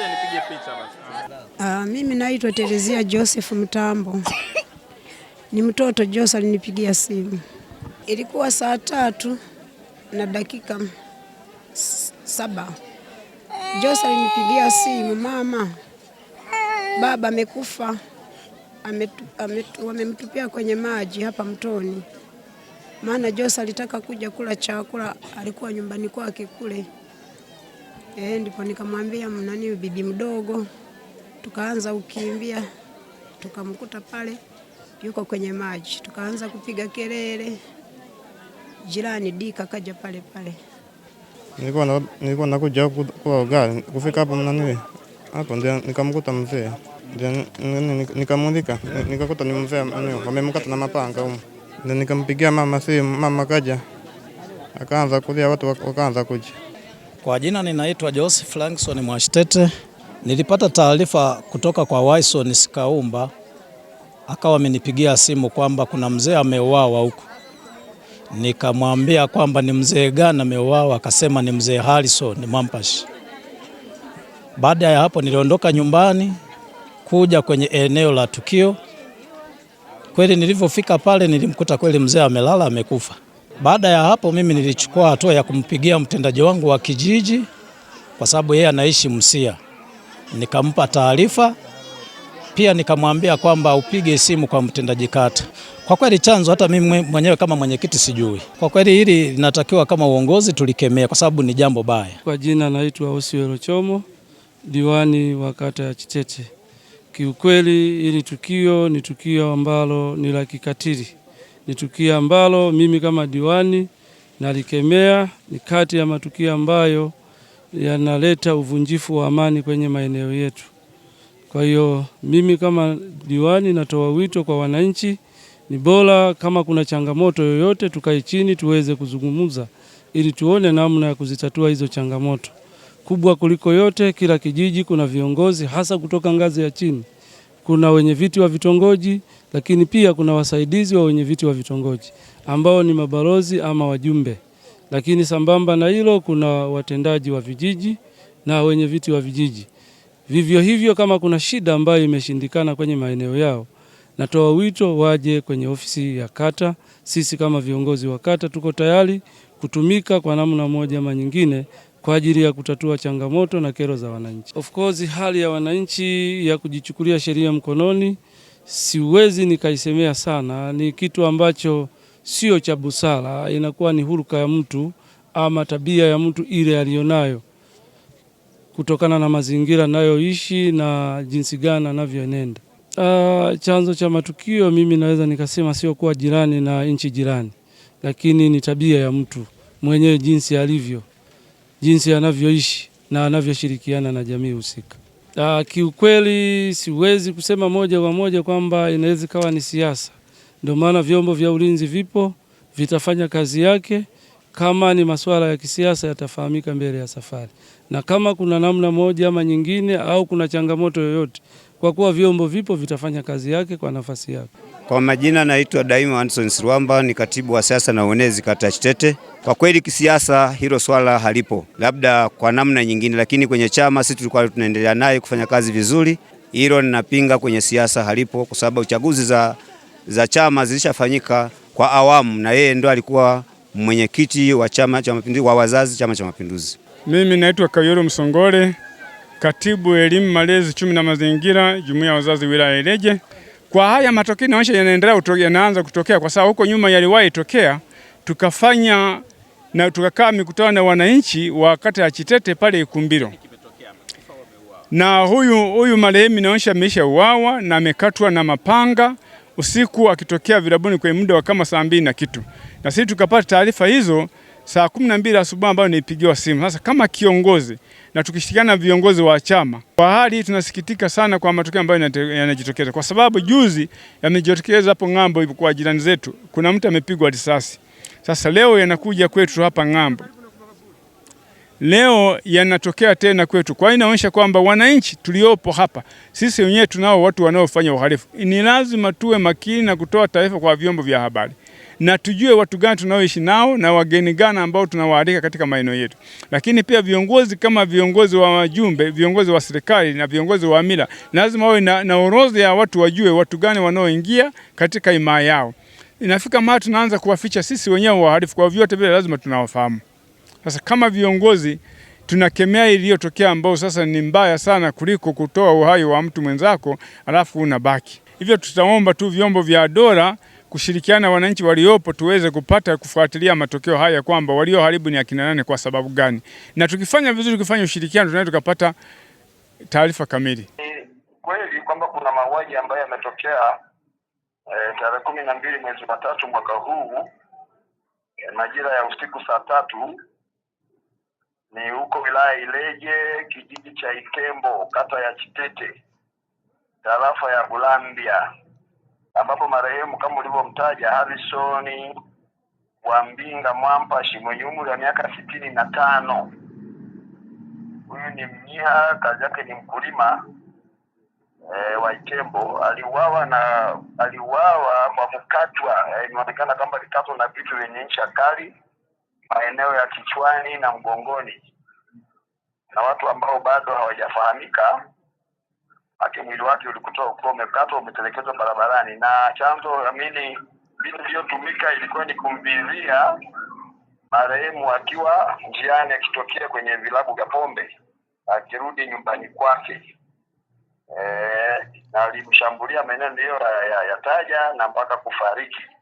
Ngoja nipige picha basi. Ah, mimi naitwa Terezia Joseph Mtambo. Ni mtoto Jose alinipigia simu. Ilikuwa saa tatu na dakika saba. Jose alinipigia simu, mama, baba amekufa, wamemtupia kwenye maji hapa mtoni. Maana Jose alitaka kuja kula chakula, alikuwa nyumbani kwake kule. Eh, ndipo nikamwambia mnani bibi mdogo, tukaanza ukimbia, tukamkuta pale yuko kwenye maji, tukaanza kupiga kelele. Jirani Dika kaja pale pale, nilikuwa na, nilikuwa nakuja kufika hapo mnani hapo ndio nikamkuta mzee, ndio nikamulika, nikakuta ni mzee wamemkata na mapanga huko, ndio nikampigia mama simu, mama kaja akaanza kulia, watu wakaanza kuja kwa jina ninaitwa Joseph Frankson Mwashitete. Nilipata taarifa kutoka kwa Waison Sikaumba, akawa amenipigia simu kwamba kuna mzee ameuawa huko. Nikamwambia kwamba ni mzee gani ameuawa, akasema ni mzee Harrison Mwampashi. Baada ya hapo, niliondoka nyumbani kuja kwenye eneo la tukio. Kweli nilivyofika pale, nilimkuta kweli mzee amelala amekufa. Baada ya hapo, mimi nilichukua hatua ya kumpigia mtendaji wangu wa kijiji, kwa sababu yeye anaishi Msia, nikampa taarifa pia nikamwambia kwamba upige simu kwa mtendaji kata. Kwa kweli chanzo hata mimi mwenyewe kama mwenyekiti sijui. Kwa kweli hili linatakiwa kama uongozi tulikemea, kwa sababu ni jambo baya. Kwa jina naitwa Osiwelo Chomo, diwani wa kata ya Chitete. Kiukweli hili tukio ni tukio ambalo ni la kikatili. Ni tukio ambalo mimi kama diwani nalikemea. Ni kati ya matukio ambayo yanaleta uvunjifu wa amani kwenye maeneo yetu. Kwa hiyo mimi kama diwani natoa wito kwa wananchi, ni bora kama kuna changamoto yoyote tukae chini tuweze kuzungumza ili tuone namna ya kuzitatua hizo changamoto. Kubwa kuliko yote, kila kijiji kuna viongozi hasa kutoka ngazi ya chini, kuna wenye viti wa vitongoji lakini pia kuna wasaidizi wa wenyeviti wa vitongoji ambao ni mabalozi ama wajumbe, lakini sambamba na hilo kuna watendaji wa vijiji na wenyeviti wa vijiji. Vivyo hivyo, kama kuna shida ambayo imeshindikana kwenye maeneo yao, natoa wito waje kwenye ofisi ya kata. Sisi kama viongozi wa kata tuko tayari kutumika kwa namna moja ama nyingine kwa ajili ya kutatua changamoto na kero za wananchi. Of course, hali ya wananchi ya kujichukulia sheria mkononi siwezi nikaisemea sana, ni kitu ambacho sio cha busara, inakuwa ni huruka ya mtu ama tabia ya mtu ile aliyonayo kutokana na mazingira nayoishi na jinsi gani anavyoenenda. Uh, chanzo cha matukio mimi naweza nikasema sio kuwa jirani na nchi jirani, lakini ni tabia ya mtu mwenyewe, jinsi alivyo, jinsi anavyoishi na anavyoshirikiana na jamii husika. Uh, kiukweli siwezi kusema moja kwa moja kwamba inaweza ikawa ni siasa. Ndio maana vyombo vya ulinzi vipo, vitafanya kazi yake. Kama ni masuala ya kisiasa yatafahamika mbele ya safari, na kama kuna namna moja ama nyingine au kuna changamoto yoyote, kwa kuwa vyombo vipo, vitafanya kazi yake kwa nafasi yake. Kwa majina naitwa Daima Anderson sirwamba ni katibu wa siasa na uenezi kata Chitete. Kwa kweli kisiasa hilo swala halipo, labda kwa namna nyingine, lakini kwenye chama sisi tulikuwa tunaendelea naye kufanya kazi vizuri. Hilo ninapinga kwenye siasa halipo, kwa sababu uchaguzi za, za chama zilishafanyika kwa awamu, na yeye ndo alikuwa mwenyekiti wa chama cha mapinduzi wa wazazi chama cha mapinduzi. Mimi naitwa Kayoro Msongole, katibu elimu, malezi, chumi na mazingira, jumuiya ya wazazi wilaya Ileje. Kwa haya matokeo inaonyesha yanaendelea yanaanza kutokea, kwa sababu huko nyuma yaliwahi tokea, tukafanya na tukakaa mikutano na wananchi wa kata ya Chitete pale Ikumbiro, na huyu huyu marehemu inaonyesha ameisha uawa na amekatwa na mapanga usiku akitokea vilabuni kwa muda wa kama saa mbili na kitu, na sisi tukapata taarifa hizo saa kumi na mbili asubuhi ambayo nilipigiwa simu. Sasa kama kiongozi na tukishirikiana na viongozi wa chama, kwa hali hii tunasikitika sana kwa matokeo ambayo yanajitokeza, kwa sababu juzi yamejitokeza hapo ng'ambo kwa jirani zetu, kuna mtu amepigwa risasi. Sasa leo yanakuja kwetu hapa ng'ambo, leo yanatokea tena kwetu. Kwa hiyo inaonyesha kwamba wananchi tuliopo hapa sisi wenyewe tunao watu wanaofanya uhalifu. Ni lazima tuwe makini na kutoa taarifa kwa vyombo vya habari na tujue watu gani tunaoishi nao na wageni gani ambao tunawaalika katika maeneo yetu. Lakini pia viongozi kama viongozi wa wajumbe, viongozi wa serikali na viongozi wa mila lazima wawe na, na orodha ya watu, wajue watu gani wanaoingia katika imaa yao. Inafika mahali tunaanza kuwaficha sisi wenyewe wahalifu, kwa vyote vile lazima tunawafahamu. Sasa kama viongozi tunakemea iliyotokea ambao sasa ni mbaya sana kuliko kutoa uhai wa mtu mwenzako alafu unabaki hivyo. Tutaomba tu vyombo vya dola kushirikiana wananchi waliopo tuweze kupata kufuatilia matokeo haya kwamba walioharibu ni akina nane kwa sababu gani, na tukifanya vizuri, tukifanya ushirikiano, tunaweza tukapata taarifa kamili kweli kwamba kuna mauaji ambayo yametokea e, tarehe kumi na mbili mwezi wa tatu mwaka huu e, majira ya usiku saa tatu ni huko wilaya Ileje kijiji cha Itembo kata ya Chitete tarafa ya Bulambia ambapo marehemu kama ulivyomtaja Harrison Wambinga Mwampashi mwenye umri wa miaka sitini na tano huyu ni mnyiha, kazi yake ni mkulima e, wa itembo Aliuawa na aliuawa kwa kukatwa, eh, inaonekana e, kwamba alikatwa na vitu vyenye ncha kali maeneo ya kichwani na mgongoni na watu ambao bado hawajafahamika ake mwili wake ulikutoa ukiwa umekatwa umetelekezwa barabarani, na chanzo amini mbinu iliyotumika ilikuwa ni kumvizia marehemu akiwa njiani akitokea kwenye vilabu vya pombe akirudi nyumbani kwake. E, na alimshambulia maeneo ndiyo yataja ya, ya, ya taja, na mpaka kufariki.